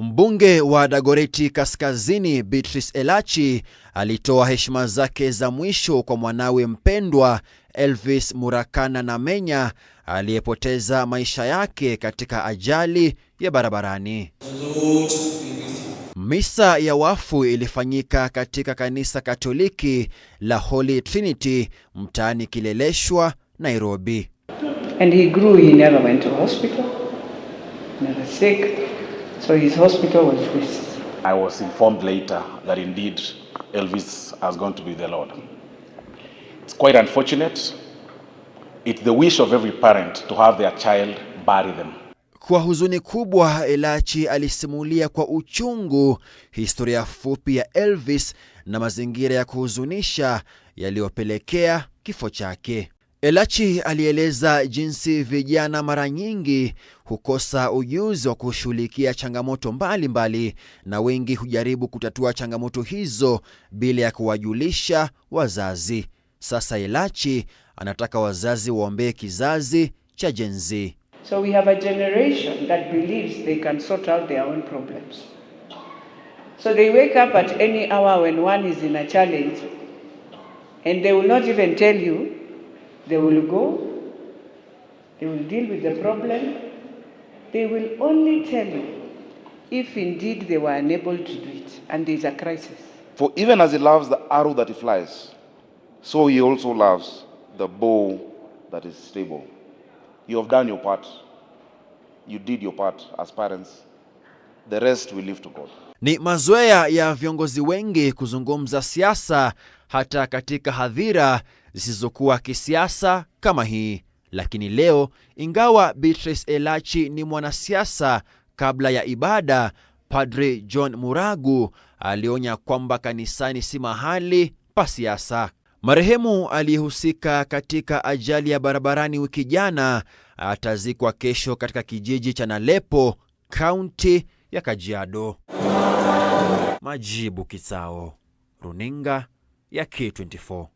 Mbunge wa Dagoreti Kaskazini Beatrice Elachi alitoa heshima zake za mwisho kwa mwanawe mpendwa Elvis Murakana Namenya aliyepoteza maisha yake katika ajali ya barabarani. Misa ya wafu ilifanyika katika kanisa Katoliki la Holy Trinity mtaani Kileleshwa, Nairobi. And he grew, he never went to hospital was sick, so his hospital was this. I was informed later that indeed Elvis has gone to be the Lord. It's quite unfortunate. It's the wish of every parent to have their child bury them. Kwa huzuni kubwa, Elachi alisimulia kwa uchungu historia fupi ya Elvis na mazingira ya kuhuzunisha yaliyopelekea kifo chake. Elachi alieleza jinsi vijana mara nyingi hukosa ujuzi wa kushughulikia changamoto mbalimbali mbali, na wengi hujaribu kutatua changamoto hizo bila ya kuwajulisha wazazi. Sasa Elachi anataka wazazi waombee kizazi cha Gen Z. So we have a generation that believes they can sort out their own problems. So they wake up at any hour when one is in a challenge and they will not even tell you They will go, they will deal with the problem, they will only tell you if indeed they were unable to do it and there is a crisis. For even as he loves the arrow that he flies, so he also loves the bow that is stable. You have done your part. You did your part as parents. The rest we leave to God. Ni mazoea ya viongozi wengi kuzungumza siasa hata katika hadhira zisizokuwa kisiasa kama hii. Lakini leo, ingawa Beatrice Elachi ni mwanasiasa, kabla ya ibada, Padre John Muragu alionya kwamba kanisani si mahali pa siasa. Marehemu aliyehusika katika ajali ya barabarani wiki jana atazikwa kesho katika kijiji cha Nalepo, kaunti ya Kajiado. Majibu Kisao, runinga ya K24.